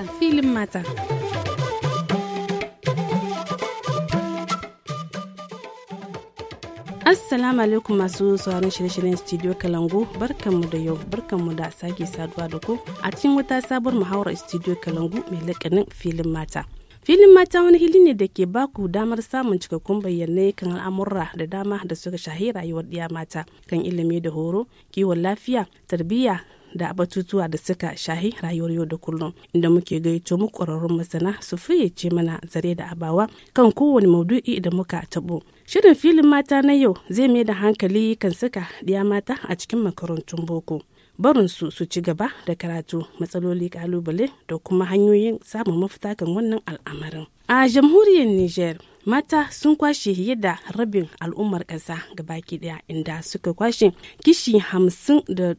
shirin filin mata. Assalamu alaikum masu sauran shirye-shiryen Studio Kalangu barkanmu da yau barkanmu da sake saduwa da ku a cikin wata sabuwar muhawarar Studio Kalangu mai lakanin filin mata. Filin mata wani hili ne da ke baku damar samun cikakkun bayyanai kan al'amurra da dama da suka shahi rayuwar ɗiya mata kan ilimi da horo, kiwon lafiya, tarbiyya, da batutuwa da suka shahi rayuwar yau da kullum inda muke gaito mu ƙwararrun masana su fayyace mana zare da abawa kan kowane maudu'i da muka taɓo. Shirin filin mata na yau zai mai da hankali kan saka ɗiya mata a cikin makarantun boko. barin su su ci gaba da karatu matsaloli kalubale da kuma hanyoyin samun mafita kan wannan al'amarin. A jamhuriyar niger. mata sun kwashe yadda rabin al'ummar ƙasa baki daya inda suka kwashe kishi hamsin da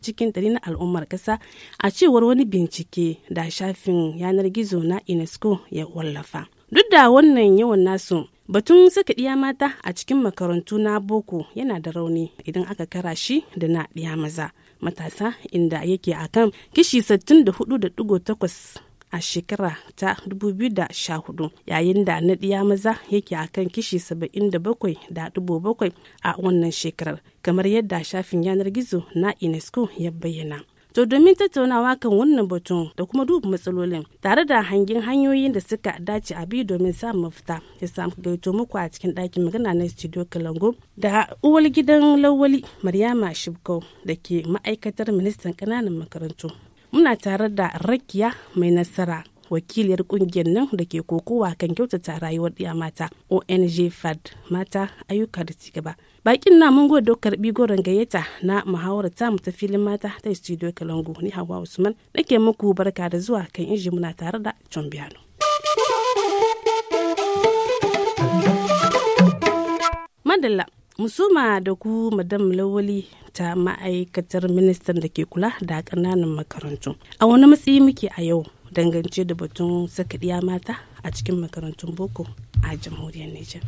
cikin ɗari na al'ummar ƙasa a cewar wani bincike da shafin yanar gizo na unesco ya wallafa duk da wannan yawan nasu batun saka ɗiya mata a cikin makarantu na boko yana da rauni idan aka kara shi da na ɗiya maza matasa inda yake akan kishi 64.8 a shekara ta 2014 yayin da na ɗiya maza yake a kan kishi da 77.7 a wannan shekarar kamar yadda shafin yanar gizo na unesco ya bayyana to domin tattaunawa kan wannan batun da kuma duba matsalolin tare da hangin hanyoyin da suka dace a biyu domin samun mafita ya samu gaito muku a cikin ɗakin magana na studio kalango da uwar gidan lawali maryama shibkau da ke ma'aikatar ministan ƙananan makarantu muna tare da rakiya mai nasara wakiliyar kungiyar nan da ke kokowa kan kyautata rayuwar ɗiya mata ong fad mata ayyuka da cigaba bakin na mun gode karbi goron gayyata na muhawarta mu ta filin mata ta studio kalangu ni hawa usman nake muku barka da zuwa kan inji muna tare da john biano madalla musuma da ku madam lawali ta ma'aikatar ministan da ke kula da ƙananan makarantu a wani matsayi muke a yau dangance da batun saka ɗiya mata a cikin makarantun boko a jamhuriyar nijar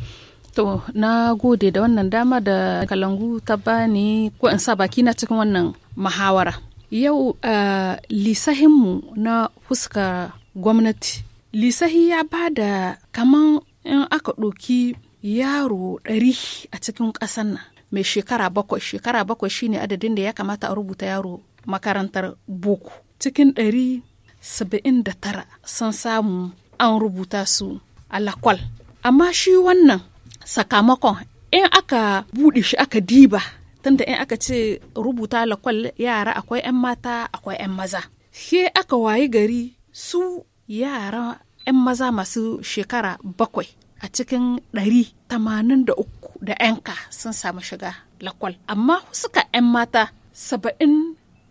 to na gode da wannan dama da kalangu ta bani ko in sa baki na cikin wannan mahawara yau uh, lisahinmu na fuska gwamnati lisahi ya ba da kaman in aka ɗoki yaro ɗari a cikin ƙasan nan mai shekara bakwai shekara bakwai shine adadin da ya kamata a rubuta yaro makarantar boko cikin ɗari saba'in da tara sun samu an rubuta su a lakwal amma shi wannan sakamakon in aka buɗe shi aka diba tunda in aka ce rubuta lakwal yara akwai 'yan mata akwai 'yan maza he aka wayi gari su yara 'yan maza masu shekara bakwai a cikin 183 da 'yanka sun samu shiga lakwal amma suka 'yan mata 74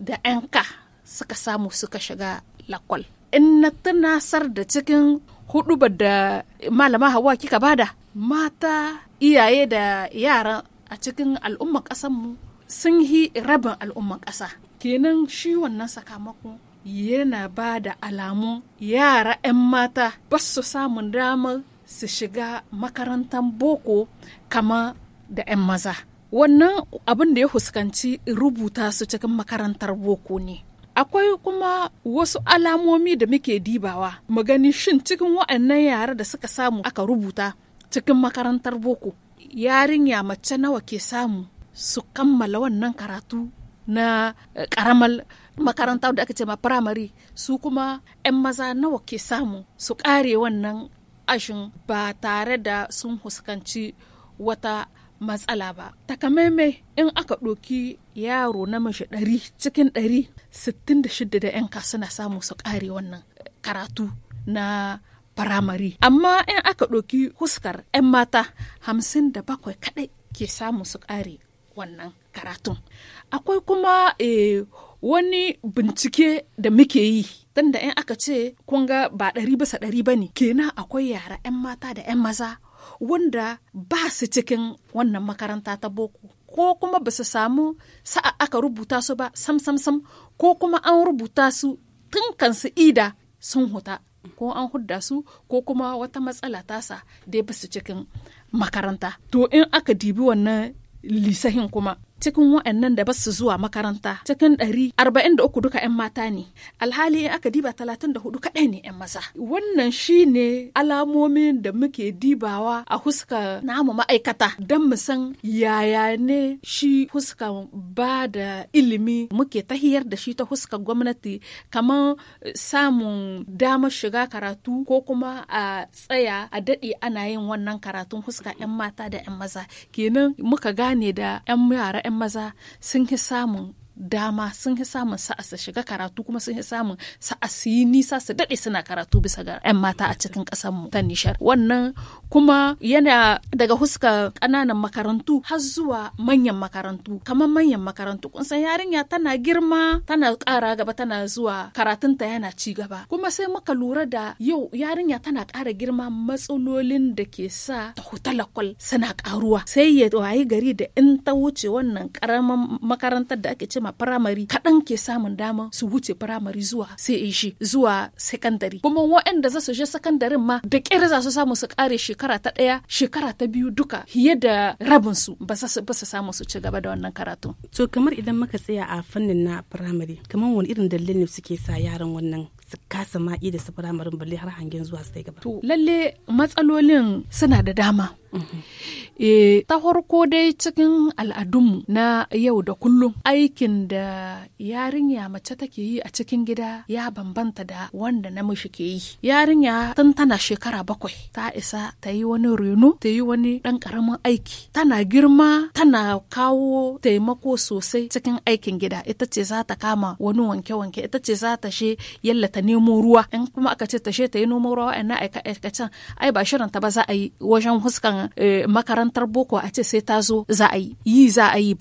da 'yanka suka samu suka shiga lakwal in na tunasar da cikin hudu ba da malama hawa kika bada mata iyaye da yara a cikin al'umman ƙasanmu sun yi rabin al'umman ƙasa kenan shi wannan sakamako yana ba da alamu. yara 'yan mata ba su samun damar su shiga makarantar boko kama da 'yan maza wannan abin da ya fuskanci rubuta su cikin makarantar boko ne akwai kuma wasu alamomi da muke dibawa mu gani shin cikin waannan yara da suka samu aka rubuta cikin makarantar boko yarinya mace nawa ke samu su kammala wannan karatu na karamar eh, makaranta da aka ce ma firamare su kuma 'yan maza nawa ke samu su kare wannan ashin ba tare da sun huskanci wata matsala ba takamaimai in aka ɗoki yaro na mashi ɗari cikin ɗari sittin da 'yan ka suna samu su kare wannan eh, karatu na firamare amma in aka ɗoki huskar 'yan mata hamsin da kaɗai ke samu su kare wannan karatun akwai kuma e, wani bincike da muke yi tunda in aka ce kun ga ba ɗari bisa ɗari ba ne kenan akwai yara 'yan mata da 'yan maza wanda ba su cikin wannan makaranta ta boko ko kuma ba su samu sa'a aka rubuta su ba sam sam sam ko kuma an rubuta su tun kansu ida sun huta ko an hudda su ko kuma wata matsala tasa dai basu cikin makaranta to in aka dibi wannan lisahin kuma cikin waɗannan da basu zuwa makaranta cikin ɗari arba'in da uku duka 'yan mata ne alhali in aka diba talatin da hudu kaɗai ne 'yan maza wannan ne alamomin da muke dibawa a huska namu ma'aikata don mu san yaya ne shi huska ba da ilimi muke tahiyar da shi ta huska gwamnati kamar samun damar shiga karatu ko kuma a tsaya a daɗe ana yin wannan karatun huska 'yan mata da 'yan maza kenan muka gane da 'yan yara 'yan maza sun fi samun dama sun fi samun sa'a su shiga karatu kuma sun fi samun sa'a su yi nisa su daɗe suna karatu bisa ga 'yan mata a cikin ƙasar mu ta nishar wannan kuma yana daga huska ƙananan makarantu har zuwa manyan makarantu kamar manyan makarantu kun san yarinya tana girma tana kara gaba tana zuwa karatunta yana ci gaba kuma sai muka lura da yau yarinya tana kara girma matsalolin da ke sa ta suna ƙaruwa sai ya wayi gari da in ta wuce wannan ƙaramin makarantar da ake cema a firamare kaɗan ke samun dama su wuce firamare zuwa CAG zuwa sakandare kuma waɗanda za su je secondary ma da ƙyar za su samu su kare shekara ta ɗaya shekara ta biyu duka fiye da rabin su ba za su samu su ci gaba da wannan karatu. To kamar idan muka tsaya a fannin na firamare kamar wani irin dalilin suke sa yaran wannan su kasa ma'i da su firamarin balle har hangen zuwa sai. gaba. To lalle matsalolin suna da dama E, ta farko dai cikin al'adunmu na yau da kullum aikin da yarinya mace take yi a cikin gida ya bambanta da wanda namiji ke yi. Yarinya tun tana shekara bakwai ta isa ta yi wani reno ta yi wani ɗan ƙaramin aiki. Tana girma tana kawo taimako sosai cikin aikin gida ita ce za ta kama wani wanke-wanke ita ce za ta she yalla ta nemo ruwa in kuma aka ce ta she ta yi noman ruwa wa'annan aikace-aikacen ai ba shirin ta ba za a yi wajen huskan Eh, makarantar boko a ce sai ta zo za a yi yi za a yi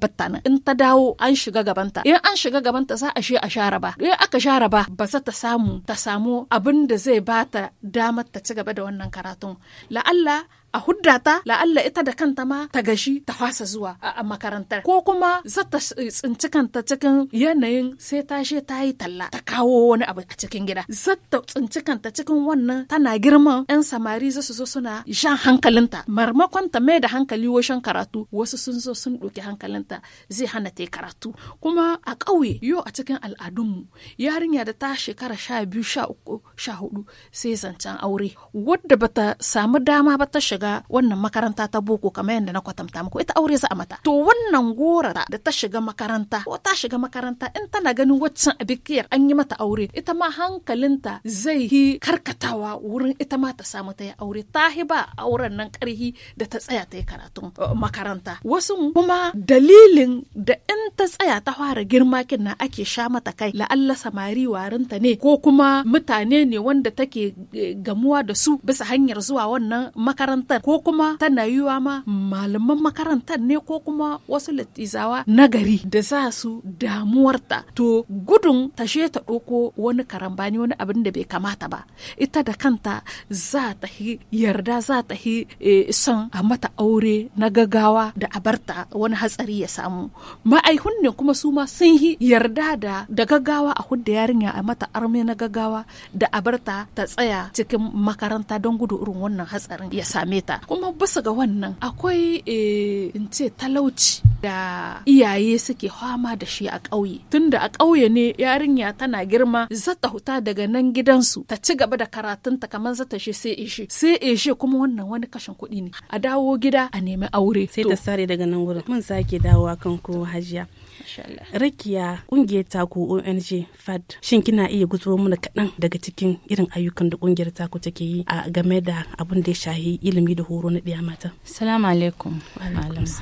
batta nan in ta dawo an shiga gabanta in an shiga gabanta za a she a share ba in aka share ba ba za ta samu ta samu abin da zai ba ta damar ta ci gaba da wannan karatun la'alla a hudda ta la'alla ita da kanta ma ta gashi ta fasa zuwa a makarantar ko kuma za ta eh, tsinci kanta cikin yanayin sai ta she ta yi talla ta kawo wani abu a cikin gida za ta tsinci kanta cikin wannan tana girman yan samari za su zo suna shan hankalinta marmakon ta mai da hankali washen karatu wasu sun zo sun ɗauki hankalinta zai hana ta karatu kuma a ƙauye yau a cikin al'adunmu yarinya da ta shekara sha biyu sha uku sha hudu sai zancen aure wadda bata samu dama ba ta shiga shiga wannan makaranta ta boko kamar yadda na kwatanta muku ita aure za a mata to wannan gora da ta shiga makaranta ko ta shiga makaranta in tana ganin waccan abikiyar an yi mata aure ita ma hankalinta zai yi karkatawa wurin ita ma ta samu ta yi aure ta hi ba auren nan karhi da ta tsaya ta yi karatun uh, makaranta wasu kuma dalilin da in ta tsaya ta fara girma kin ake sha mata kai la'alla samari warinta ne ko kuma mutane ne wanda take eh, gamuwa da su bisa hanyar zuwa wannan makaranta makarantar ko kuma tana yiwa ma malaman makarantar ne ko kuma wasu latizawa na gari da za su damuwarta to gudun tashe ta ɗauko wani karambani wani abin da bai kamata ba ita da kanta za ta yi yarda za ta yi eh, son a mata aure na gagawa da abarta wani hatsari ya samu ma'aihun ne kuma su ma sun yi yarda da da gaggawa a hudda yarinya a mata arme na gaggawa da abarta ta tsaya cikin makaranta don gudu irin wannan hatsarin ya same ta kuma basu ga wannan akwai eh, in ce talauci da iyaye suke fama da shi a ƙauye tunda a ƙauye ne yarinya tana girma zata huta daga nan gidansu ta ci gaba da karatunta kamar ta shi sai ishe sai ishe kuma wannan wani kashin kuɗi ne a dawo gida a nemi aure sai ta sare daga nan wurin mun sake dawowa kan ko hajiya rikiya ƙungiyar taku ONG FAD shin kina iya gutsuro mana kaɗan daga cikin irin ayyukan da kungiyar taku take yi a game da abin da ya shahi ilimi da horo na ɗaya mata. Salamu alaikum.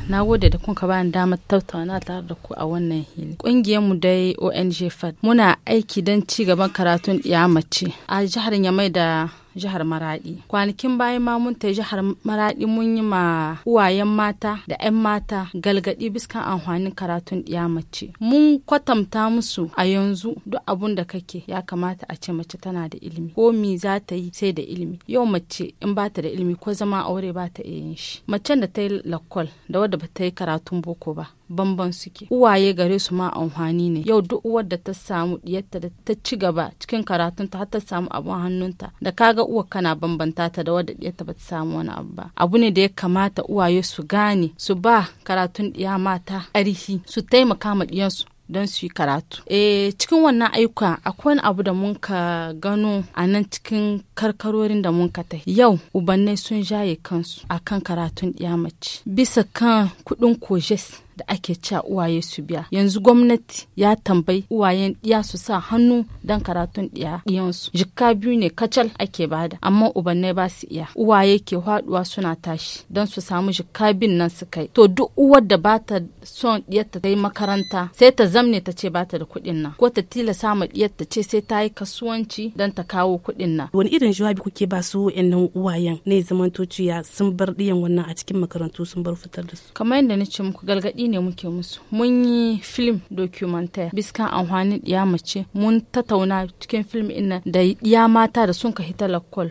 Na gode da kun ka bani damar tattauna tare da ku a wannan hili. ƙungiyar mu dai ONG FAD muna aiki don ci gaban karatun ɗiya mace a jihar Yamai da jihar maradi kwanakin bayan ma mun ta jihar maradi mun yi ma uwayen mata da 'yan mata galgadi biskan amfanin karatun ɗiya mace mun kwatamta musu a yanzu duk abun da kake ya kamata a ce mace tana da ilimi ko mi za ta yi sai da ilimi yau mace in ba ta da ilimi ko zama aure ba ta iya yin shi macen da ta yi lakwal da wadda ba ta yi karatun boko ba bamban suke uwaye gare su ma amfani ne yau duk uwar da ta samu diyarta da ta ci gaba cikin karatunta har ta samu abun hannunta da kaga uwar kana bambanta ta da wadda diyarta ba ta samu wani abu ba abu ne da ya kamata uwaye su gane su ba karatun diya mata arihi su taimaka ma diyansu don su yi karatu. E, cikin wannan aika akwai wani abu da mun ka gano a nan cikin karkarorin da mun ka tafi. Yau ubannai sun jaye kansu akan karatun mace. Bisa kan kuɗin kojes da ake cewa uwaye su biya yanzu gwamnati ya tambayi uwayen ɗiya su sa hannu don karatun ɗiya ɗiyansu jikka biyu ne kacal ake bada amma ubanne ba su iya uwaye ke haɗuwa suna tashi don su samu jikka bin nan su kai to duk uwar da ba ta son ɗiyarta ta yi makaranta sai ta zamne ta ce ba ta da kuɗin nan ko ta tilasa ma ta ce sai ta yi kasuwanci don ta kawo kuɗin nan wani irin jawabi kuke ba su nan uwayen ne zamanto sun bar ɗiyan wannan a cikin makarantu sun bar fitar da su kamar yadda na ce muku gargaɗi ne muke musu mun yi film documentaire biskan amfanin ɗiya mace mun tattauna cikin film ina da ɗiya mata da sun ka hita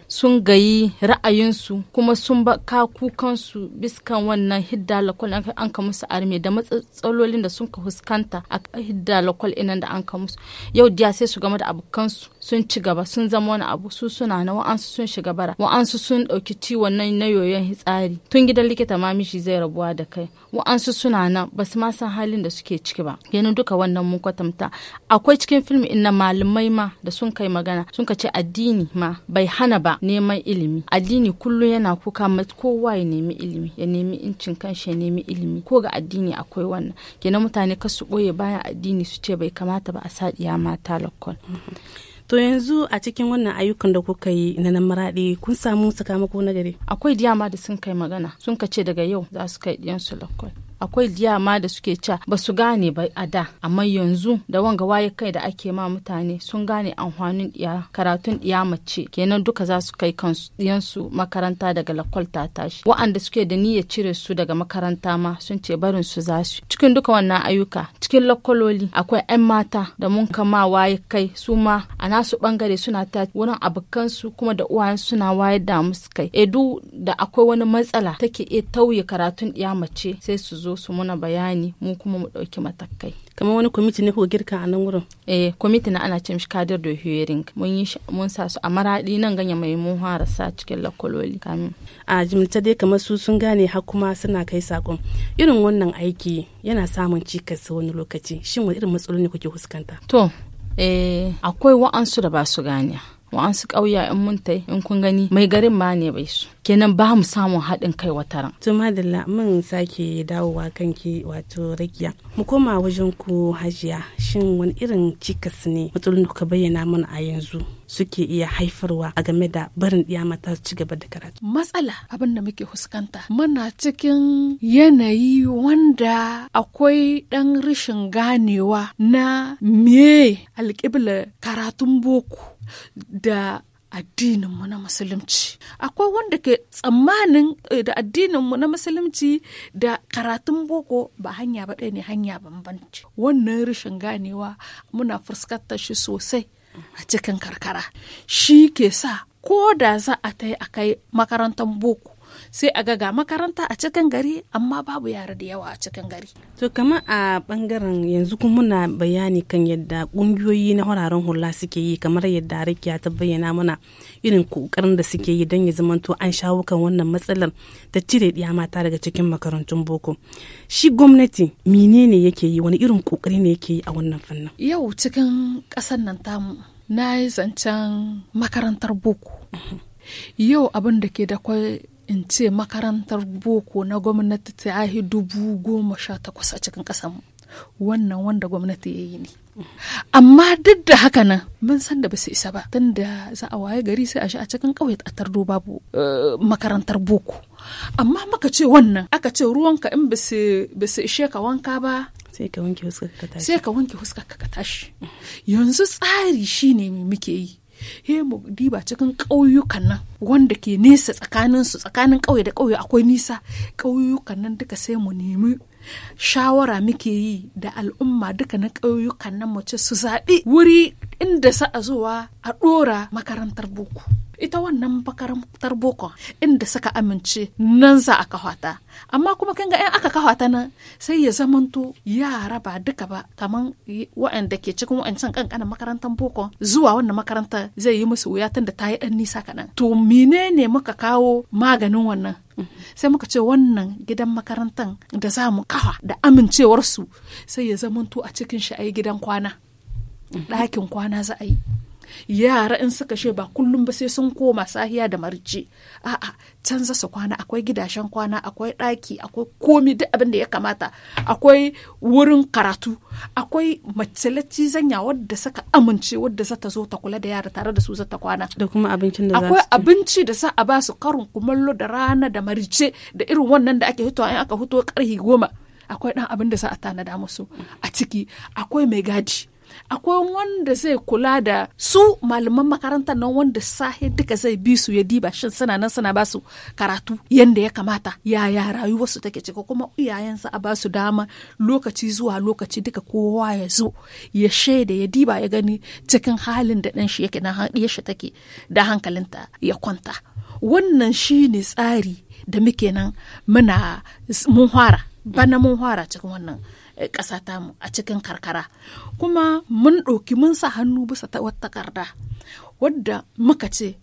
sun gayi ra'ayinsu kuma sun ba ka kukansu biskan wannan hidda lakol an ka musu arme da matsalolin da sun ka fuskanta a hidda lakol inna da an ka musu yau diya sai su game da abokansu sun ci gaba sun zama wani abu su suna na wa'ansu sun shiga bara wa'ansu sun ɗauki ciwon nan na yoyon hitsari tun gidan likita ma mishi zai rabuwa da kai wa'ansu suna na nan ba su ma san halin da suke ciki ba ganin duka wannan mun kwatanta akwai cikin film in na malamai ma da sun kai magana sun ka ce addini ma bai hana ba neman ilimi addini kullum yana kuka ma kowa ya nemi ilimi ya nemi incin kanshi ya nemi ilimi ko ga addini akwai wannan kenan mutane ka su boye bayan addini su ce bai kamata ba a sa ma mata lokon To yanzu a cikin wannan ayyukan da kuka yi na nan maraɗi kun samu sakamako na gari? Akwai diyama da sun kai magana sun ka ce daga yau za su kai su lakwai. akwai diyama da suke ca ba su gane ba a da amma yanzu da wanga waye kai da ake ma mutane sun gane amfanin karatun diya mace kenan duka za su kai kansu diyansu makaranta daga lakwal ta tashi wa'anda suke da niyyar cire su daga makaranta ma sun ce barin su za su cikin duka wannan ayyuka cikin lakwaloli akwai 'yan mata da mun kama waye kai su ma a nasu bangare suna ta wurin abokansu kuma da uwayen suna wayar da musu kai edu eh, da akwai wani matsala take iya tauye karatun diya mace sai su zo zo su muna bayani mu kuma mu ɗauki matakai. kamar wani kwamiti ne ko girka a nan wurin? eh kwamiti na ana ce mishi kadir da hearing mun yi mun sa su a maraɗi nan ganye mai mun fara sa cikin lakololi kamin. a jimta dai kamar su sun gane har kuma suna kai sakon irin wannan aiki yana samun cikas wani lokaci shin wani irin matsaloli ne kuke fuskanta? to eh akwai wa'ansu da ba su gane wa'ansu ƙauya in mun tai in kun gani mai garin ma ne bai su kenan ba mu samun haɗin kai wataran. to madalla mun sake dawowa kanki wato rakiya mu koma wajen ku hajiya shin wani irin cikas ne matsalolin da ka bayyana mana a yanzu suke iya haifarwa a game da barin ɗiya mata su ci gaba da karatu. Matsala abin da muke fuskanta muna cikin yanayi wanda akwai ɗan rashin ganewa na me alƙibla karatun boko. da addininmu na musulunci akwai wanda ke tsammanin eh, da addininmu na musulunci da karatun boko ba hanya ba ɗaya ne hanya bambanci wannan rashin ganewa muna fuskantar shi sosai a cikin karkara shi ke sa ko da za a ta yi a kai makarantar boko sai a ga makaranta a cikin gari amma babu yara da yawa a cikin gari to kama a bangaren yanzu kuma muna bayani kan yadda kungiyoyi na wuraren hula suke yi kamar yadda rakiya ta bayyana mana irin kokarin da suke yi don ya zamanto an shawo kan wannan matsalar ta cire ɗiya mata daga cikin makarantun boko shi gwamnati menene yake yi wani irin kokari ne yake yi a wannan fannin yau cikin ƙasar nan tamu na yi zancen makarantar boko yau abin da ke da kwai in ce makarantar boko na gwamnati ta yi dubu goma sha takwas a cikin ƙasanmu wannan wanda gwamnati ya yi ne amma duk da haka nan mun san da ba su isa ba tun da za a waye gari sai a shi a cikin ƙauye a tardo babu eh, makarantar boko amma maka ce wannan aka ce ruwanka in ba su ishe ka wanka ba sai ka wanke huskar ka tashi yanzu tsari shine muke yi he mu diba cikin ƙauyukan nan wanda ke nesa tsakanin su tsakanin ƙauye da ƙauye akwai nisa ƙauyukan nan duka sai mu nemi shawara muke yi da al'umma duka na ƙauyukan nan mace su zaɓi wuri inda sa'a zuwa a ɗora makarantar boko ita wannan makarantar boko inda suka amince nan za a kahwata amma kuma kinga ga in aka ta nan sai ya zamanto yara ba duka ba kaman waɗanda ke cikin waɗancan kankanin makarantar boko zuwa wannan makarantar zai yi musu wuya tunda ta yi ɗan nisa kaɗan to menene muka kawo maganin wannan sai muka ce wannan gidan makarantar da za mu kawa da amincewarsu sai ya zamanto a cikin shi a yi gidan kwana ɗakin kwana za a yi yara in suka she ba kullum ba sai sun koma sahiya da marci a'a canza su kwana akwai gidashen kwana akwai ɗaki akwai komi duk abin da ya kamata akwai wurin karatu akwai matsalaci zanya wadda suka amince wadda za ta zo ta kula da yara tare da su za ta kwana da kuma abincin da akwai abinci da za a ba su karin kumallo da rana da marice da irin wannan da ake hitowa in aka hito karhi goma akwai dan abin da za a tanada musu a ciki akwai mai gadi akwai wanda zai kula da su malaman makaranta nan wanda sahe duka zai bi su ya diba shin suna nan suna ba su karatu yanda ya kamata yaya rayuwarsu take cika kuma iyayensa a ba su dama lokaci zuwa lokaci duka kowa ya zo ya shaida ya diba ya gani cikin halin da shi yake na shi take da hankalinta ya kwanta wannan shi ne tsari da muke nan muna mun fara bana mun fara cikin wannan Eh, ƙasa ta mu a cikin karkara kuma mun ɗauki mun sa hannu bisa ta wata takarda wadda muka ce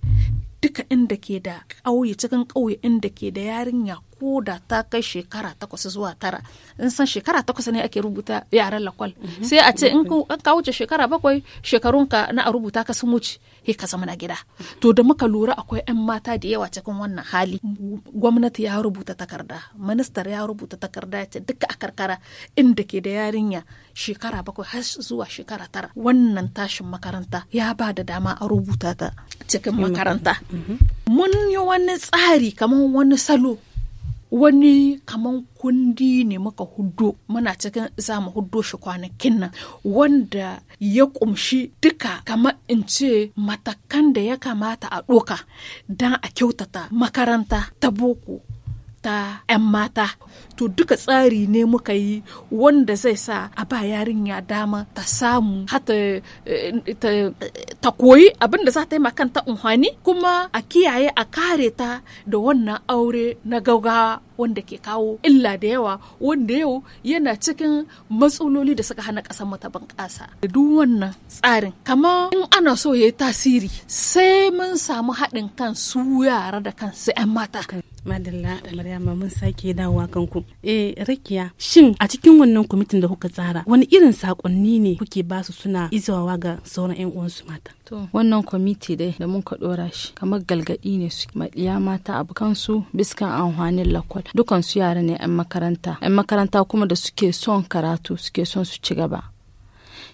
duka inda ke da ƙauye cikin ƙauye inda ke da yarinya ko da ta kai shekara takwas zuwa tara in san shekara takwas ne ake rubuta yaran lakwal mhm. sai a ce in ka wuce shekara bakwai shekarunka na a rubuta ka sun wuce he ka zama na gida to da muka lura akwai 'yan mata da yawa cikin wannan hali gwamnati ya rubuta takarda ministar ya rubuta takarda ya ce duka a karkara inda ke da yarinya shekara bakwai har zuwa shekara tara wannan tashin makaranta ya ba da dama a rubuta ta cikin makaranta mhm. mun yi wani tsari kamar wani salo wani kaman kundi ne muka hudu muna cikin za mu huddo shi kwanakin nan wanda ya kumshi duka kama in ce matakan da ya kamata a ɗoka don a kyautata makaranta ta boko ta 'yan mata to duka tsari ne muka yi wanda zai sa a ba yarinya dama ta samu eh, ta koyi abinda za ta yi makanta unhwani kuma a kiyaye a kare ta da wannan aure na gaugawa wanda ke kawo illa da yawa wanda yau yana cikin matsaloli da suka hana ƙasar mata bunƙasa da duk wannan tsarin kama in ana so ya yi tasiri sai mun samu haɗin kan su yara da su 'yan mata madalla da maryama mun sake dawowa kanku eh rakiya shin a cikin wannan kwamitin da kuka tsara wani irin sakonni ne kuke ba su suna izawa ga sauran yan uwansu mata wannan kwamiti dai da mun ka dora shi kamar galgadi ne su maɗiya mata abu kansu biskan amfanin lakwal dukansu yara ne 'yan makaranta 'yan makaranta kuma da suke son karatu suke son su ci gaba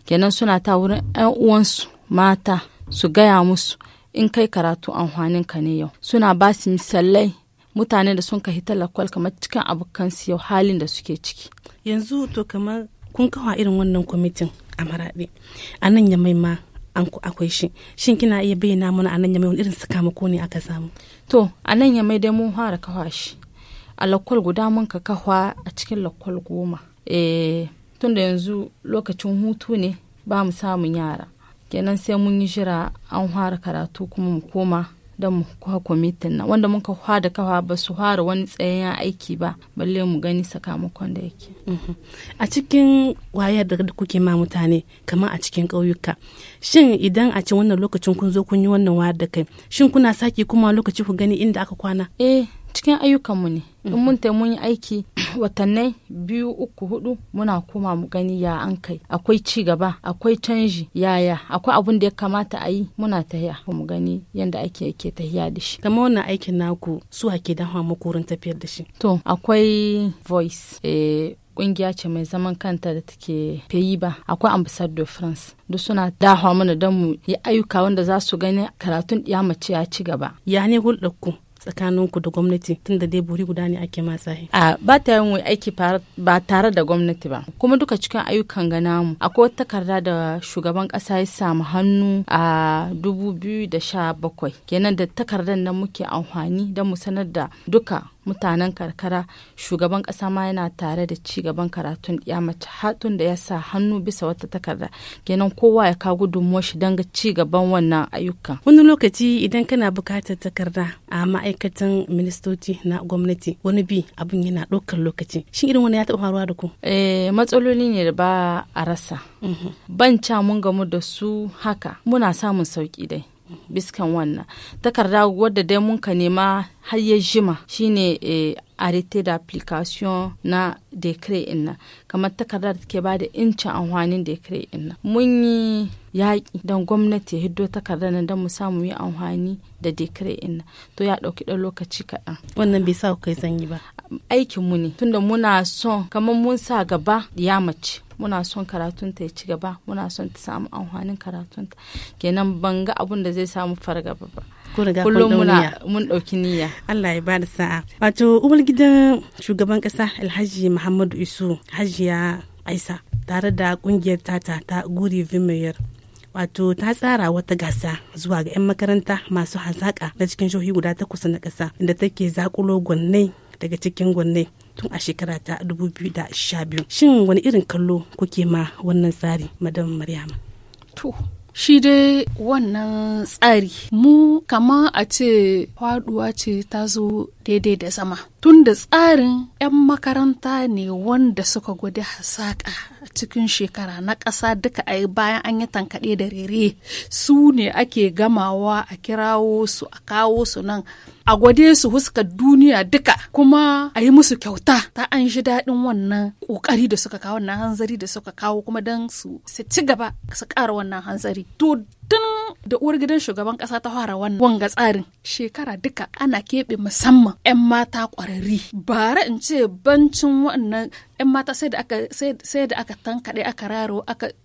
kenan suna ta wurin 'yan uwansu mata su gaya musu in kai karatu amfanin ka ne yau suna ba su misalai mutane da sun ka hita lakwal kamar cikin abokansu yau halin da suke ciki yanzu to kamar kun kawa irin wannan kwamitin a maraɗe a nan ya ma an akwai shi shin kina iya bayyana mana a nan yamai wani irin suka sakamako ne aka samu to a nan yamai dai mun fara kawa shi a lakwal guda mun ka kawa a cikin lakwal goma eh tunda yanzu lokacin hutu ne ba mu samun yara kenan sai mun yi shira an fara karatu kuma mu koma da mu kwa kwamitin nan wanda muka hwa da kawa ba su fara wani tsayayyen aiki ba balle mu gani sakamakon da yake mhm. a cikin wayar da kuke ma mutane kamar a cikin ƙauyuka shin idan a ci wannan lokacin kun zo kun yi wannan wayar da kai shin kuna saki kuma lokaci ku gani inda aka kwana eh cikin ayyukanmu ne in mun ta mun yi aiki watannai biyu uku hudu muna koma mu gani ya an kai akwai ci gaba akwai canji yaya akwai abun da ya kamata a yi muna ta ya mu gani yadda ake yake ta tahiya da shi kamar wannan aikin naku su hake dafa muku wurin tafiyar da shi to akwai voice eh, kungiya ce mai zaman kanta da take peyi ba akwai ambassador france duk suna dahwa mana don mu yi ayyuka wanda za su gani karatun ya mace ya ci gaba ya ne hulɗar tsakanin ku da gwamnati tun da dai buri guda ne ake matsa a ba ta yin aiki ba tare da gwamnati ba kuma duka cikin ayyukan ga namu akwai wata takarda da shugaban kasa ya samu hannu a 2017 kenan da takardar nan muke amfani don mu sanar da duka mutanen karkara shugaban kasa ma yana tare da ci gaban karatun ya mace hatun da ya sa hannu bisa wata takarda kenan kowa ya kawo gudunmuwar shi don ci gaban wannan ayyukan wani lokaci idan kana bukatar takarda a ma'aikatan ministoci na gwamnati wani bi abin yana ɗaukar lokaci shin irin wani ya taɓa faruwa da ku eh, matsaloli ne da ba a rasa mhm. ban ca mun gamu da su haka muna samun sauki dai biskan wannan takarda wadda dai mun ka nema har ya jima shine eh, arete da application na decree inna kamar takarda da ke ba da incin amfanin decree inna mun yi yaƙi don gwamnati ya hiddo takarda nan don mu samu yi amfani da decree inna to ya ɗauki ɗan lokaci kaɗan wannan bai sa ku kai sanyi ba aikin mu ne tunda muna son kamar mun sa gaba ya mace muna son karatunta ya ci gaba muna son ta samu amfanin karatunta kenan ban ga abun da zai samu fargaba ba kullum mun ɗauki niyya Allah ya ba da sa'a wato uwar gidan shugaban ƙasa Alhaji Muhammadu Isu Hajiya Aisa tare da kungiyar tata ta Guri Vimeyer wato ta tsara wata gasa zuwa ga 'yan makaranta masu hazaƙa na cikin jihohi guda takwas na ƙasa da take zakulo gwanne daga cikin gwanne tun a shekara ta 2012 shin wani irin kallo kuke ma wannan tsari madam maryama to shi dai wannan tsari mu kama a ce faduwa ce ta zo daidai da zama. tun da tsarin 'yan makaranta ne wanda suka gudu hasaka. a cikin shekara na ƙasa duka a bayan an yi tankaɗe da rere su ne ake gamawa a kirawo su a kawo su nan a gwade su huskar duniya duka kuma a yi musu kyauta ta an shi daɗin wannan ƙoƙari da suka kawo wannan hanzari da suka kawo kuma don su ci gaba su ƙara wannan hanzari to tun da uwar gidan shugaban kasa ta fara wannan wanga tsarin shekara duka ana keɓe musamman 'yan mata ƙwararri bara in ce bancin wannan 'yan mata sai da aka tan kaɗai aka raro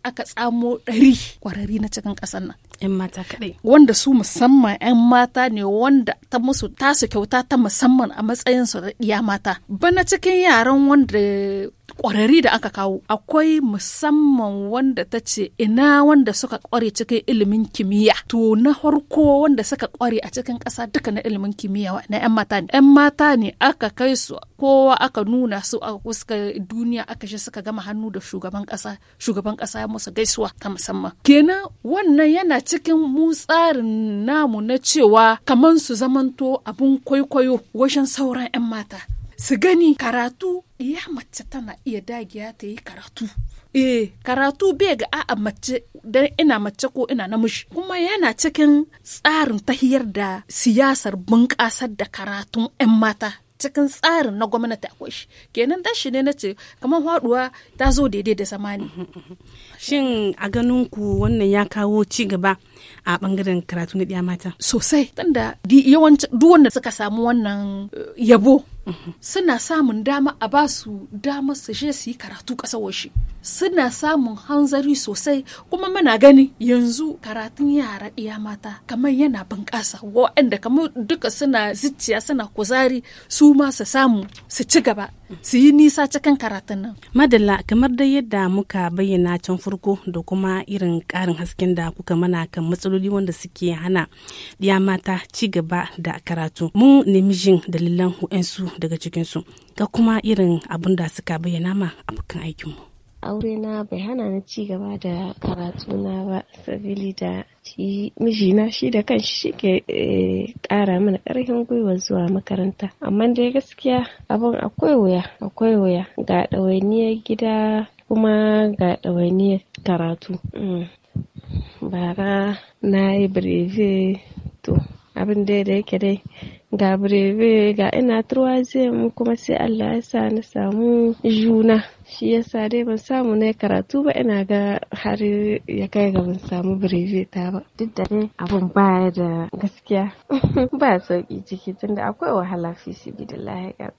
aka tsamo ɗari ƙwararri na cikin ƙasar nan 'yan mata kaɗai wanda su musamman 'yan mata ne wanda ta musu tasu kyauta ta musamman a matsayin su da mata bana cikin yaran wanda kwarari da aka kawo akwai musamman wanda ta ce ina wanda suka kware cikin ilimin kimiyya to na farko wanda suka kware a cikin kasa duka na ilimin kimiyya na 'yan mata ne 'yan mata ne aka kai su kowa aka nuna su a kuska duniya aka shi suka gama hannu da shugaban kasa shugaban ƙasa ya musu gaisuwa ta musamman kenan wannan yana cikin mu tsarin namu na cewa kamar su zamanto abun kwaikwayo wajen sauran 'yan mata su gani karatu ya mace tana iya dagiya ta yi karatu eh karatu bai ga a'a mace dan ina mace ko ina namiji kuma yana cikin tsarin tahiyar da siyasar bunƙasar da karatun 'yan mata cikin tsarin na gwamnati akwai shi kenan dan shi ne na ce kamar haduwa ta zo daidai da zamani shin a ganin ku wannan ya kawo ci gaba a bangaren karatu na mata sosai tunda yawanci duk wanda suka samu wannan eh, yabo suna samun dama a ba su dama su je su yi karatu ƙasa washe suna samun hanzari sosai kuma muna gani yanzu karatun yara iya mata kamar yana bunƙasa waɗanda kamar duka suna zuciya suna kuzari su ma su samu su ci gaba su yi nisa cikin karatun nan. Madalla kamar dai yadda muka bayyana can farko da kuma irin karin hasken da kuka mana kan matsaloli wanda suke hana ya mata ci gaba da karatu. mu nemi jin dalilan su daga cikinsu ga kuma irin abin da suka bayyana ma abokan aikinmu. aure na bai hana ni ci gaba da karatu na ba sabili da shi mijina shi da kan shi ke eh, ƙara mana ƙarfin gwiwa zuwa makaranta amma dai gaskiya abin akwai wuya akwai wuya ga ɗawainiyar gida kuma ga ɗawainiyar karatu mm. bara na yi breve to abin dai da yake dai ga breve ga ina turwa kuma sai allah ya sa na samu juna shi yasa dai ban samu na karatu ba ina ga har ya kai ga ban samu ta ba duk da dai abun baya da gaskiya ba sauki ciki tunda akwai wahala fi su bidillahi ga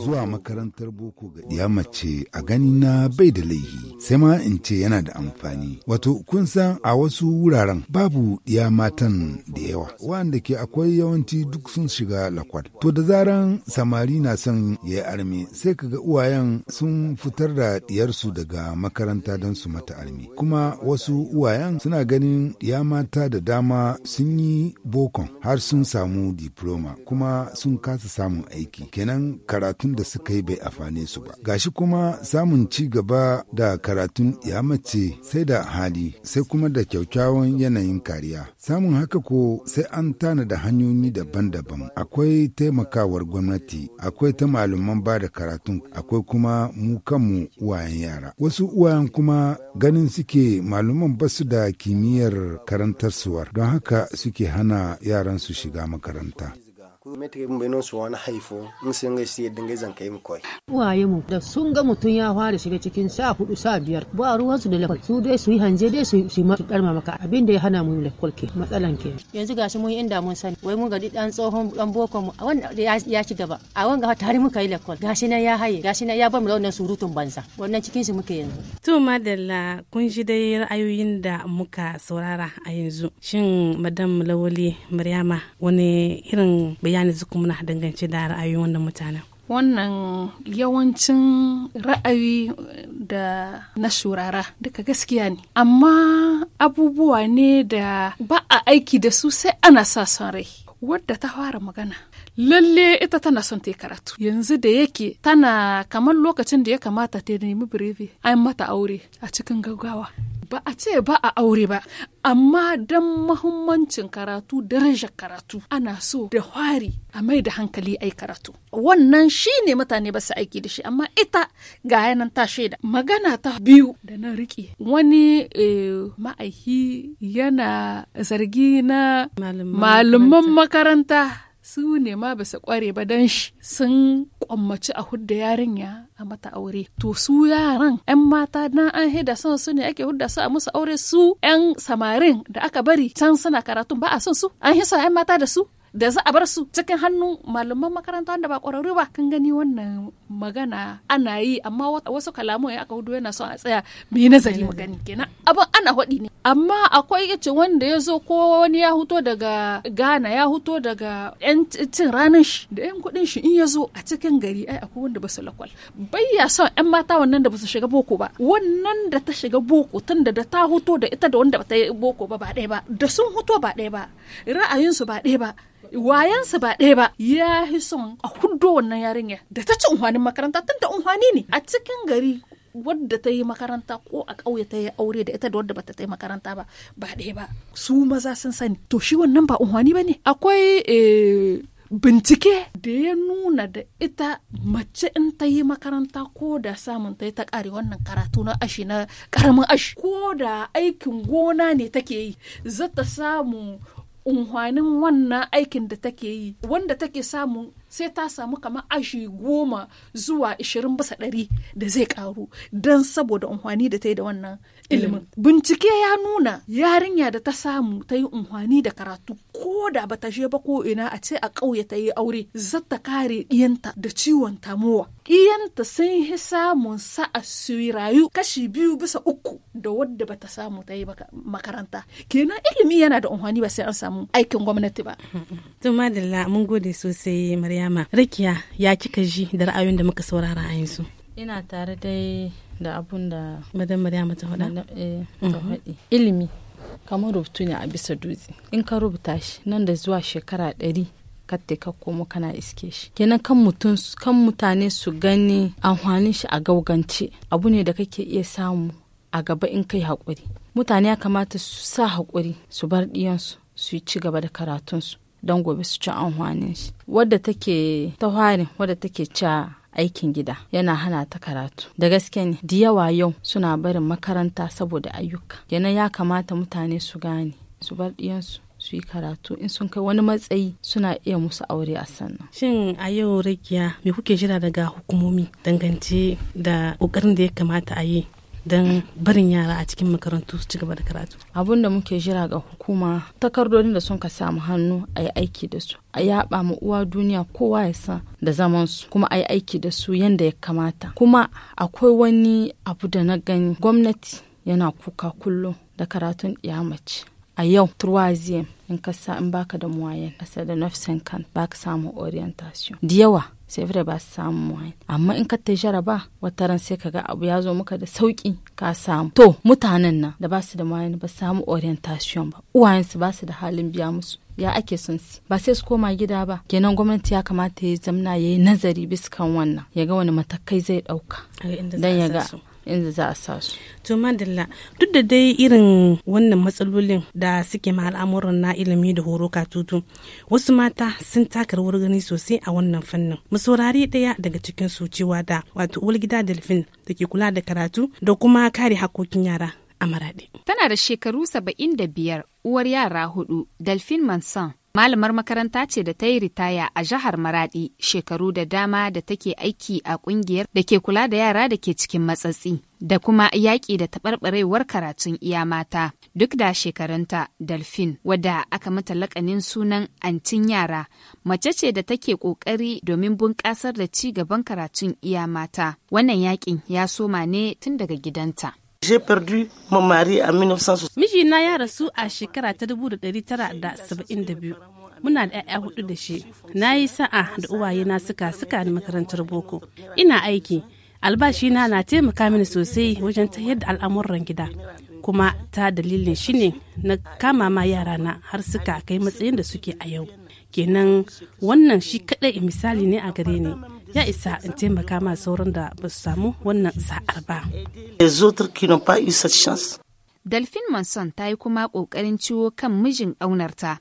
zuwa makarantar boko ga diya mace a gani na bai da laihi sai ma in ce yana da amfani wato kun san a wasu wuraren babu diya matan da yawa wanda ke akwai yawanci duk sun shiga lakwal to da zaran samari na son ya yi armi sai kaga uwayen sun fitar da diyarsu daga makaranta don su mata armi kuma wasu uwayen suna ganin ya mata da dama sun yi bokon har sun samu diploma kuma sun kasa samun aiki kenan karatun da suka yi bai afane su ba gashi kuma samun ci gaba da karatun ya mace sai da hali sai kuma da kyaukyawan yanayin kariya samun haka ko sai an tana da hanyoyi daban-daban akwai taimakawar gwamnati akwai ta malaman ba da karatun akwai kuma mu kanmu uwayen yara wasu uwayen kuma ganin suke malaman ba su da kimiyyar karantarsuwar don haka suke hana yaran su shiga makaranta metre mun bai su wani haifo in sun ga shi yadda zan kai mu koi uwaye mu da sun ga mutun ya fara shiga cikin sha hudu sha biyar ba ruwan su da lafal su dai su yi hanje dai su su ma darma maka abin da ya hana mu da ke matsalan ke yanzu gashi mun inda mun sani wai mun di dan tsohon dan boko mu wanda ya ci gaba a wanga tare muka yi lafal gashi na ya haye gashi na ya ba mu wannan surutun banza wannan cikin shi muke yanzu to madalla kun shi dai ra'ayoyin da muka saurara a yanzu shin madam lawali maryama wani irin bayan ya dangance da ra'ayoyin wannan mutanen wannan yawancin ra'ayi da na shurara duka gaskiya ne amma abubuwa ne da ba a aiki da su sai ana sa son rai wadda ta fara magana lalle ita tana son ta karatu yanzu da yake tana kamar lokacin da ya kamata ta nemi brevi an mata aure a cikin gaggawa ba a ce ba a aure ba amma don mahimmancin karatu darajar karatu ana so da hwari a mai da hankali ai karatu wannan shi ne mutane ba su aiki da shi amma ita ga yanan ta shaida magana ta biyu da na riƙe wani eh, ma'aiki yana zargi na malaman makaranta su ne ma ba su kware ba don shi sun kwammaci a hudda yarinya a mata aure to su yaran yan mata na an hida son su ne ake hudda su a musu aure su yan samarin da aka bari can suna karatun ba a son su an hisa yan mata da su da za a bar su cikin hannu malaman makaranta wanda ba ƙwararru ba kan gani wannan magana ana yi amma wasu kalamu ya aka hudu yana son a tsaya mai nazari magani kenan abin ana hodi ne amma akwai ice wanda ya zo ko wani ya huto daga Ghana ya huto daga yan cin ranar shi da yan kudin shi in ya zo a cikin gari ai akwai wanda ba su lakwal bayya son yan mata wannan da ba su shiga boko ba wannan da ta shiga boko tun da ta huto da ita da wanda ba ta yi boko ba ba ɗaya ba da sun huto ba ɗaya ba ra'ayinsu ba ɗaya ba wayansa ba ɗaya ba ya fi son a hudo wannan yarinya da ta ci unhwanin makaranta tun da unhwani ne a cikin gari wadda ta yi makaranta ko a ƙauye ta yi aure da ita da wadda bata ta yi makaranta ba ba ɗaya ba su maza sun sani to shi wannan ba unhwani ba ne akwai eh, bincike da ya nuna da ita mace in ta yi makaranta ko da samun ta yi ta ƙare wannan karatu na ashi na ƙaramin ashi ko da aikin gona ne take yi zata samu unhwanin wannan aikin da take yi wanda take samun sai ta samu kamar ashi goma zuwa ishirin bisa ɗari da zai karu don saboda unhwani da ta yi da wannan ilimin. Mm. Bincike ya nuna yarinya da ta samu ta yi unhwani da karatu ko da ba ta je ba ko ina a ce a ƙauye ta yi aure zata kare ɗiyanta da ciwon tamowa. Ɗiyanta sun yi samun sa'a su rayu kashi biyu bisa uku da wadda ba ta samu ta yi makaranta. Kenan ilimi yana da unhwani ba sai an samu aikin gwamnati ba. Tumadilla mun gode sosai Maryama. rikiya ya kika ji da ra'ayoyin da muka saurara a yanzu? Ina tare dai da abun da Madan Maryama ta faɗa. Eh, mhm. Ilimi kamar rubutu ne a bisa dutse. In ka rubuta shi nan da zuwa shekara ɗari katte ka komo kana iske shi kenan kan mutum kan mutane su gani amfanin shi a gaugance abu ne da kake iya samu a gaba in kai hakuri mutane ya kamata su sa hakuri su bar ɗiyansu su yi ci gaba da karatunsu don gobe su ci amfanin shi wadda take ta wadda take ca aikin gida yana hana ta karatu da gaske ne da yawa yau suna barin makaranta saboda ayyuka yana ya kamata mutane su gane su bar ɗiyansu su yi karatu in sun kai wani matsayi suna iya musu aure a sannan. Shin a yau rakiya me kuke jira daga hukumomi dangance da kokarin da ya kamata a yi don barin yara a cikin makarantu su ci gaba da karatu abun da muke jira ga hukuma takardodin da sun ka samu hannu a yi aiki da su a yaɓa ma uwa duniya kowa ya san da zaman su kuma a yi aiki da su yanda ya kamata kuma akwai wani abu da na gani gwamnati yana kuka kullum da karatun mace a yau turwaziyem in ka sa in baka da muwayen ƙasa da nafsan kan baka samun orientation da yawa sai da ba su samu wani amma in ka ta jaraba wata ran sai ka ga abu ya zo muka da sauki ka samu to mutanen nan da ba su da wani ba samu orientation ba uwayensu ba su da halin biya musu ya ake son su ba sai su koma gida ba kenan gwamnati ya kamata ya zamna ya yi nazari biskan wannan ya ga wani matakai zai ɗauka don ya ga in za a sa su. To madalla duk da dai irin wannan matsalolin da suke ma al'amuran na ilimi da horo tutu wasu mata sun taka rawar gani sosai a wannan fannin. Mu saurari daya daga cikin su cewa da wato gida Delphine da ke kula da karatu da kuma kare hakokin yara a Maraɗi. Tana da shekaru saba'in da biyar uwar yara hudu Delphine Manson malamar makaranta ce da ta yi ritaya a jihar Maradi shekaru da dama da take aiki a kungiyar da ke kula da yara da ke cikin matsatsi da kuma yaƙi da taɓarɓarewar karatun iya mata duk da shekarunta Delphine wadda aka mata lakanin sunan antin yara mace ce da take ƙoƙari domin bunƙasar da ci gaban karatun iya mata wannan yaƙin ya soma ne tun daga gidanta. J'ai Mijina ya rasu a shekara ta 1972. Muna da 'ya'ya hudu da shi. Na yi sa'a da uwayena suka suka ni makarantar boko. Ina aiki. Albashina na taimaka mini sosai wajen ta yadda al'amuran gida. Kuma ta dalilin shine na kama ma na har suka kai matsayin da suke a yau. Kenan wannan shi kadai misali ne a gare ni. ya isa in taimaka ma sauran da ba su samu wannan sa'ar ba. Dalfin Monson ta yi kuma ƙoƙarin ciwo kan mijin ƙaunarta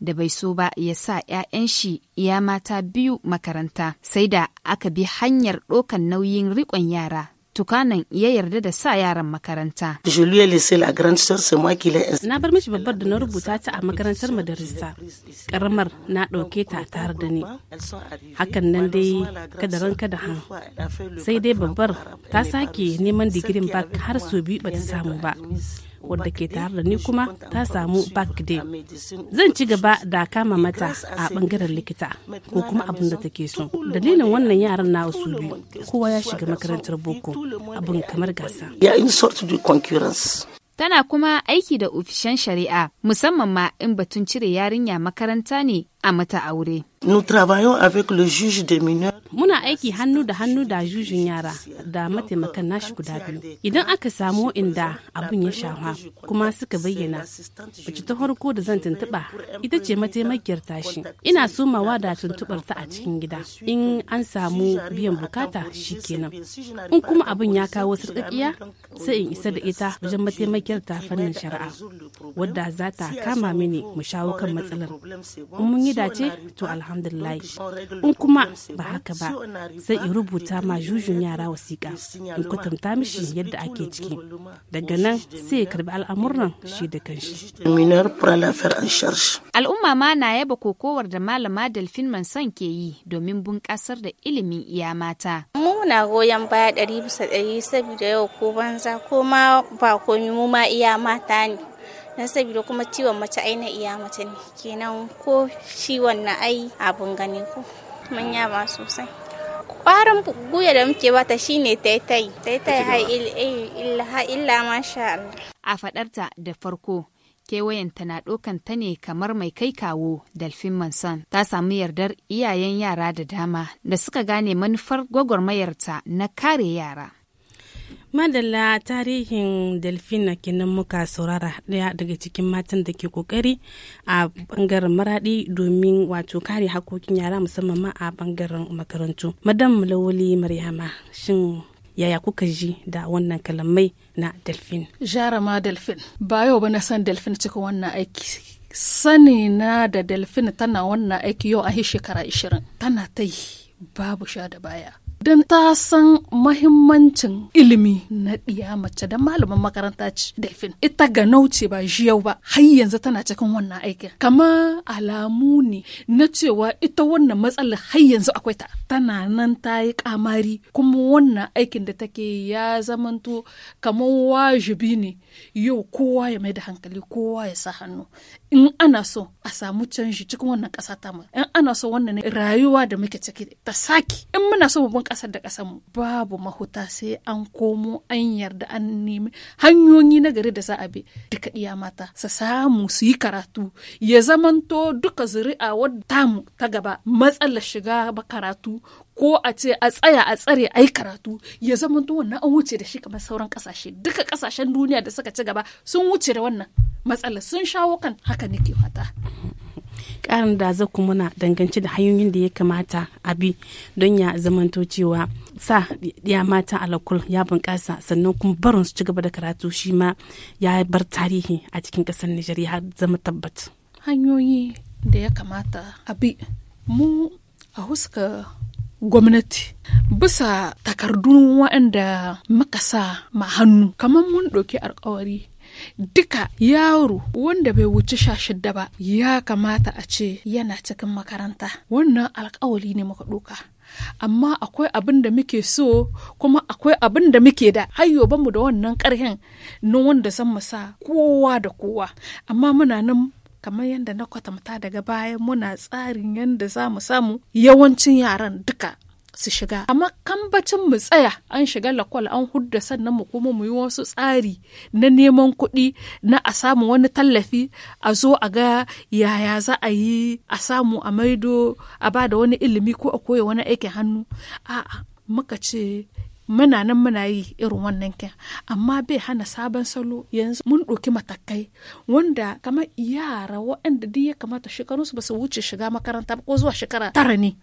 da bai so ba ya sa 'ya'yan shi ya mata biyu makaranta sai da aka bi hanyar ɗokan nauyin riƙon yara tukanan ya yarda da sa yaran makaranta. Na bar mishi babbar da na rubuta ta a makarantar madarisa. Karamar na ɗauke ta tare da ni. Hakan nan dai kadaran kada han. Sai dai babbar ta sake neman digirin bak har sau biyu ta samu ba. wadda ke tare da ni kuma ta samu back day zan ci gaba da kama mata a bangaren likita ko kuma abin da take so dalilin wannan yaran na su biyu kowa ya shiga makarantar boko abin kamar gasa tana kuma aiki da ofishin shari'a musamman ma in batun cire yarinya makaranta ne a mata aure. Muna aiki hannu da hannu da jujun yara da mataimakan nashi guda biyu. Idan aka samu inda abun ya shafa kuma suka bayyana, bace ta farko da zan tuntuɓa ita ce mataimakiyar tashi. Ina somawa da tuntuɓar ta a cikin gida. In an samu biyan bukata shi kenan. In kuma abun ya kawo sarƙaƙiya sai in isa da ita wajen mataimakiyar ta fannin shari'a wadda za ta kama mini mu shawo kan matsalar. In mun yi shaida ce to alhamdulillah in kuma ba haka ba sai in rubuta ma jujun yara wasiƙa in kwatanta mishi yadda ake ciki daga nan sai ya karbi al'amuran shi da kanshi al'umma ma na yaba kokowar da malama delphine manson ke yi domin bunƙasar da ilimin iya mata muna goyon baya ɗari bisa ɗari saboda yau ko banza ko ma ba komi mu ma iya mata ne don saboda kuma ciwon mace ai na iya mace ne kenan ko ciwon na ai abun gani ko manya ba sosai kwarin guya da muke bata shine taitai taitai ha illa illa masha Allah a fadarta da farko kewayenta na ɗaukan ta ne kamar mai kai kawo dalfin Manson ta samu yardar iyayen yara da dama da suka gane manufar gwagwarmayarta na kare yara. madalla tarihin na kenan muka saurara daya daga cikin matan da ke kokari a bangaren maradi domin wato kare hakokin yara musamman ma a bangaren makarantu madam lawoli maryama shin yaya kuka ji da wannan kalamai na delfin jarama delfin ba yau ba na san delfin cikin wannan aiki sani na da delfin tana wannan aiki yau a shekara 20 tana ta yi babu sha da baya don ta san mahimmancin ilimi na ɗiya mace da malaman makaranta ce delfin ita ga nauce ba yau ba har yanzu tana cikin wannan aikin kama alamu ne na cewa ita wannan matsalar har yanzu akwai ta tana nan ta yi kamari kuma wannan aikin da take ya zamanto kamar wajibi ne yau kowa ya mai da hankali kowa ya sa hannu in ana so a samu canji cikin wannan ƙasa ta mu in ana so wannan rayuwa da muke ciki ta saki in muna so babban ƙasar da ƙasar mu babu mahuta sai an komo an yarda an nemi hanyoyi na gari da za a bi duka iya mata sa samu su yi karatu ya zamanto duka zuri'a wadda tamu ta gaba matsalar shiga karatu ko a ce a tsaya a tsare a yi karatu ya zama wannan an wuce da shi kamar sauran kasashe duka kasashen duniya da suka ci gaba sun wuce da wannan matsala sun shawo kan haka nake fata karin da za ku muna dangance da hanyoyin da ya kamata a bi don ya zamanto cewa sa ya mata alakul ya bunƙasa sannan kuma barin su ci gaba da karatu shi ma ya bar tarihi a cikin ƙasar Nijar ya zama tabbat. Hanyoyi da ya kamata a bi mu a huska gwamnati bisa takardun waɗanda makasa sa ma hannu kamar mun ɗauki alkawari duka yaro wanda bai wuce sha shidda ba ya kamata a ce yana cikin makaranta wannan alkawari ne muka ɗoka amma akwai abin da muke so kuma akwai abin da muke da ban mu da wannan karhen na wanda san mu sa kowa da kowa amma muna nan kamar yadda na kwatanta daga baya muna tsarin yadda za mu samu yawancin yaran duka su shiga amma kambacin mu tsaya an shiga lakwal an hudda sannan mu kuma mu yi wasu tsari na neman kuɗi na a samu wani tallafi a zo a ga yaya za a yi a samu a maido a ba da wani ilimi ko a koya wani aikin hannu a'a muka ce muna nan muna yi irin wannan kin amma bai hana sabon salo yanzu mun ɗauki matakai wanda kamar yara waɗanda duk ya kamata shekarunsu ba su wuce shiga makaranta ko zuwa shekara tara ne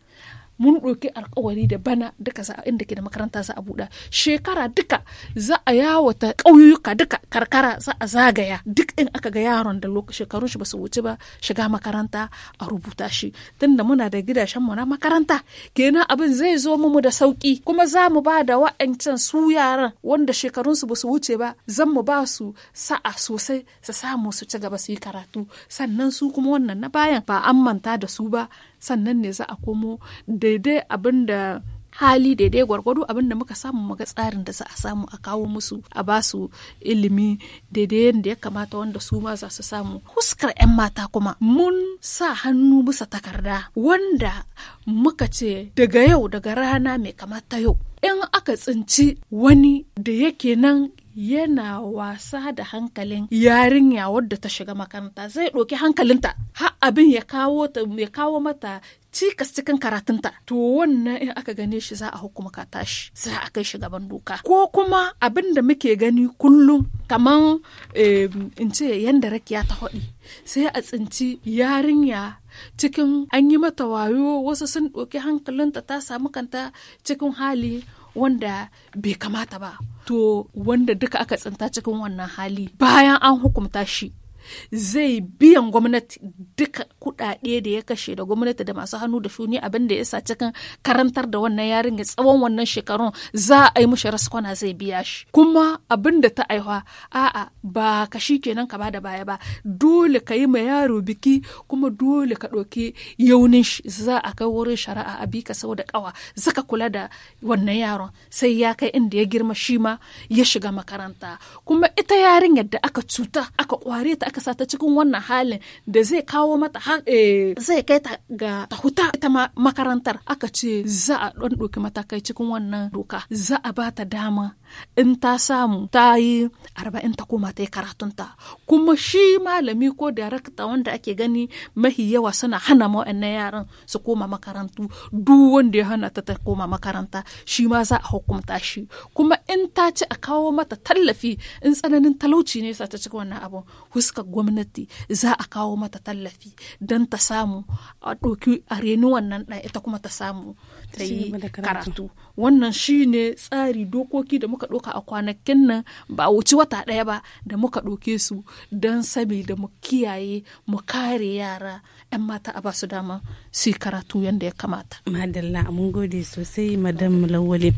mun ɗauki alkawari da bana duka za inda ke da makaranta za a buɗa shekara duka za a yawata ƙauyuka duka karkara za a zagaya duk in aka ga yaron da shekarun shi ba su wuce ba shiga makaranta a rubuta shi tunda muna da gidashen mu na makaranta kenan abin zai zo mu da sauki kuma za mu ba da wa'ancan su yaran wanda shekarun su ba su wuce ba zan mu ba su sa'a sosai su samu su ci gaba su yi karatu sannan su kuma wannan na bayan ba an manta da su ba sannan ne za a komo daidai abin da hali daidai gwargwado abin da muka samu muga tsarin da za a samu a kawo musu a ba su ilimi daidai yadda ya kamata wanda su ma za su samu huskar 'yan mata kuma mun sa hannu bisa takarda wanda muka ce daga yau daga rana mai kamata yau in aka tsinci wani da yake nan yana wasa da hankalin yarinya wadda ta shiga makaranta zai ɗauki hankalinta har abin ya kawo ya kawo mata cikas cikin karatunta to wannan in aka gane shi za a hukuma ka tashi za a kai shi gaban doka ko kuma abin da muke gani kullum kaman in ce yanda rakiya ta haɗi sai a tsinci yarinya cikin an yi mata wayo wasu sun ɗauki hankalinta ta samu kanta cikin hali wanda bai kamata ba to wanda duka aka tsinta cikin wannan hali bayan an hukumta shi zai biyan gwamnati duka kuɗaɗe da ya kashe da gwamnati da masu hannu da shuni abin da ya sa cikin karantar da wannan yarin tsawon wannan shekarun za a yi mushi raskwana zai biya shi kuma abin da ta aiwa a'a ba ka shi kenan ka bada baya ba dole ka yi ma yaro biki kuma dole ka ɗauki yaunin shi za a kai wurin shari'a a bi ka sau da ƙawa zaka kula da wannan yaron sai ya kai inda ya girma shi ma ya shiga makaranta kuma ita yarinyar da aka cuta aka kware ta aka sa ta cikin wannan halin da zai kawo mata eh. zai kai ta ga ta huta ita makarantar aka ce za a ɗan ɗauki matakai cikin wannan doka za a ba ta dama in ta samu ta yi arba'in ta koma ta yi karatunta kuma shi malami ko darakta wanda ake gani mahi yawa suna hana ma yaran su koma makarantu duk wanda ya hana ta ta koma makaranta shi ma za a hukunta shi kuma in ta ci a kawo mata tallafi in tsananin talauci ne sa ta ci wannan abu huska gwamnati za a kawo mata tallafi don ta samu a ɗauki a reni wannan ɗan ita kuma ta samu ta yi karatu wannan shi ne tsari dokoki da muka ɗauka a kwanakin nan ba a wuci wata ɗaya ba da muka ɗauke su don da mu kiyaye mu kare yara 'yan mata a basu dama su yi karatu yadda ya kamata. Madalla mun gode sosai madam lawale.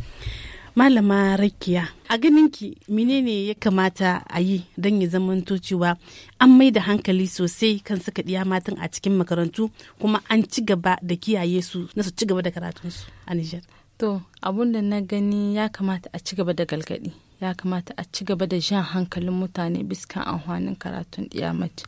malama rakiya a ganin ki menene ya kamata a yi don ya zamanto cewa an mai da hankali sosai kan suka ɗiya matan a cikin makarantu kuma an ci gaba da kiyaye su na su ci gaba da karatunsu a Nijar. To abun da na gani ya kamata a ci gaba da galgadi ya kamata a ci gaba da jan hankalin mutane biskan amfanin karatun mace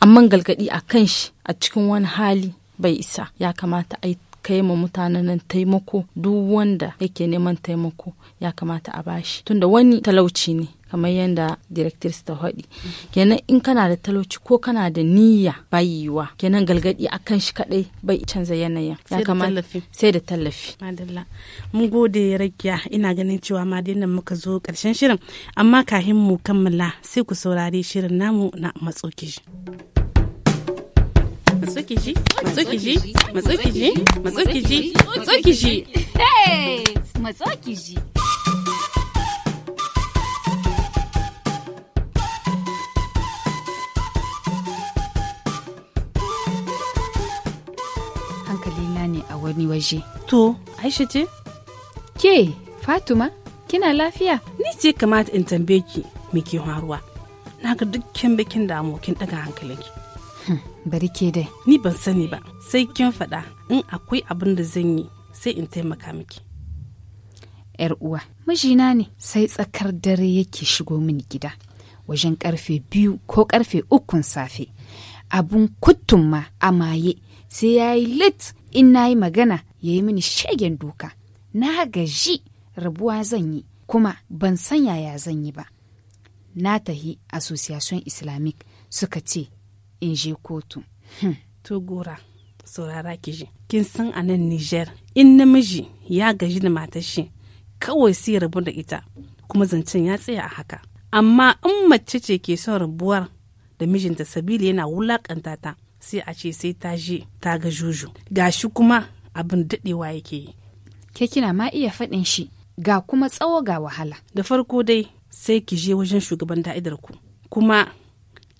amma galgadi a kan shi a cikin wani hali bai isa ya kamata a yi kai ma mutanen nan taimako duk wanda yake neman taimako ya kamata a bashi tunda wani talauci ne kamar yadda directors ta haɗi kenan in kana da talauci ko kana da niyya bayiwa yiwa kenan galgadi akan shi kadai bai canza yanayin ya kamata sai da tallafi madalla mun gode rakiya ina ganin cewa ma dai muka zo karshen shirin amma kahin mu kammala sai ku saurari shirin namu na matsoki. matsukiji matsukiji matsukiji matsukiji matsukiji hey matsukiji hankalina ne a wani waje to aisha ce ke fatima kina lafiya ni ce kamata in tambaye ki me ke faruwa na ga dukkan bikin da amokin daga hankalinki bari ke dai ni ban sani ba sai kin faɗa in akwai abin da zan yi sai in taimaka miki yar uwa mijina ne sai tsakar dare yake shigo mini gida wajen karfe biyu ko karfe ukun safe abun kuttun ma a maye sai ya yi lit in na yi magana ya yi mini shagen doka na gaji rabuwa zan yi kuma ban san yaya zan yi ba na tahi association islamic suka ce in je kotu hmm. to gora saurara ki ji kin san a nan Nijar, in namiji ya gaji da matar shi kawai sai rabu da ita kuma zancen ya tsaya a haka amma in mace ce ke son rabuwar da mijinta sabili yana wulakanta ta sai a ce sai ta je ta ga juju shi kuma abin daɗewa yake yi ke kina ma iya faɗin shi ga kuma tsawo ga wahala da farko dai sai ki je wajen shugaban da'idar ku kuma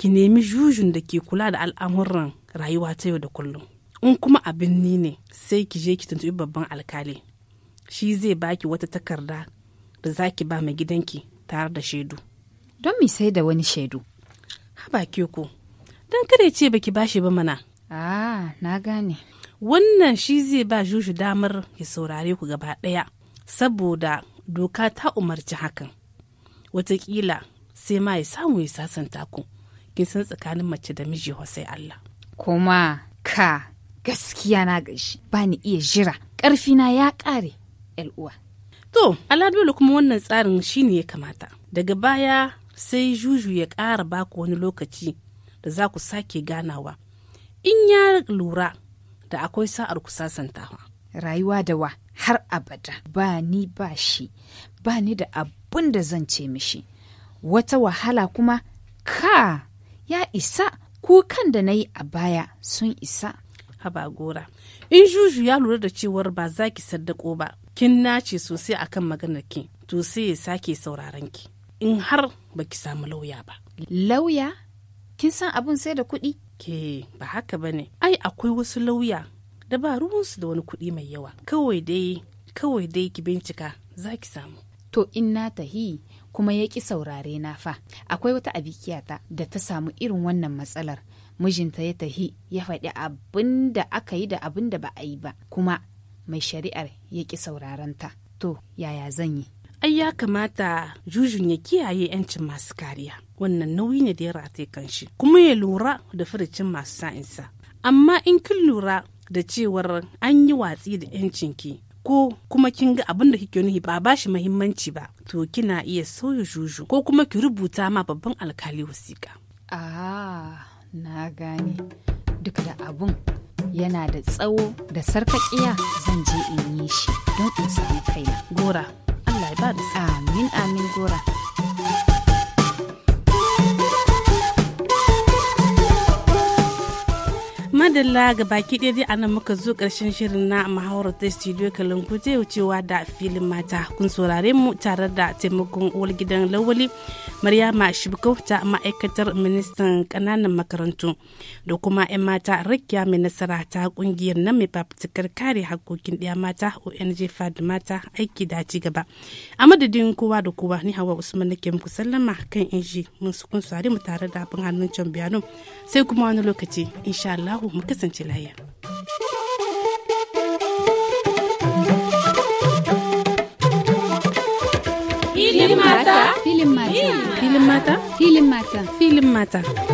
ki nemi jujun da ke kula da al'amuran rayuwa ta yau da kullum in kuma abin ni ne sai ki je ki tuntubi babban alkali shi zai baki wata takarda da za ki ba mai gidanki tare da shaidu don mi sai da wani shaidu haba ku don kada ce baki bashi ba mana ah na gane wannan shi zai ba juju damar ya saurare ku gaba ɗaya saboda doka ta umarci hakan watakila sai ma ya samu ya sasanta ku kisan tsakanin mace da miji sai Allah. Kuma ka gaskiya na gashi ba ni iya jira na ya ƙare uwa. To, dole kuma wannan tsarin shi ne ya kamata. Daga baya sai juju ya ƙara ba ku wani lokaci da za ku sake ganawa. In ya lura da akwai sa'ar ku sasantawa. Rayuwa da wa har abada ba ni ba shi ba ni da abun da zan ce mishi. Wata wahala kuma ka ya isa kukan da na yi a baya sun isa. Haba gora, in juju ya lura da cewar ba za ki saddako ba, kin nace sosai a kan maganar ki, to sai ya sake sauraron ki. In har ba ki samu lauya ba. Lauya? Kin san abun sai da kuɗi? Ke ba haka ba ne, ai akwai wasu lauya da ba ruwansu da wani kuɗi mai yawa. Kawai dai, kawai dai ki bincika za ki samu. To in na tahi kuma ya ki saurare na fa akwai wata abikiyata da ta samu irin wannan matsalar mijinta ya tahi ya faɗi abin da aka yi da abin da ba a yi ba kuma mai shari'ar ya ki ta to yaya zan yi ai ya kamata jujun ya kiyaye 'yancin masu kariya wannan nauyi ne da ya rataye kanshi kuma ya lura da furucin masu sa'insa amma in kin lura da cewar an yi watsi da 'yancinki ko kuma kin ga abin da kike nuhi ba bashi muhimmanci ba to kina iya sauya juju ko kuma ki rubuta ma babban alkali wasiƙa ah na gane duk da abun yana da tsawo da sarkakiya zan je in yi shi don in sami kaina gora Allah ya ba da amin amin gora alhamdulillah ga baki ɗaya dai anan muka zo ƙarshen shirin na muhawarar ta studio kalanku ta wucewa da filin mata kun saurare mu tare da taimakon uwar gidan lawali maryama shibkau ta ma'aikatar ministan kananan makarantu da kuma 'yan mata rakiya mai nasara ta kungiyar na mai fafutukar kare hakokin ɗaya mata ong fad mata aiki da ci gaba a madadin kowa da kowa ni hawa usman nake muku sallama kan inji mun su kun mu tare da abin hannun can biyano sai kuma wani lokaci insha Allah mu kasance lahiya. Filin mata, filin mata, filin mata, filin mata, filin mata.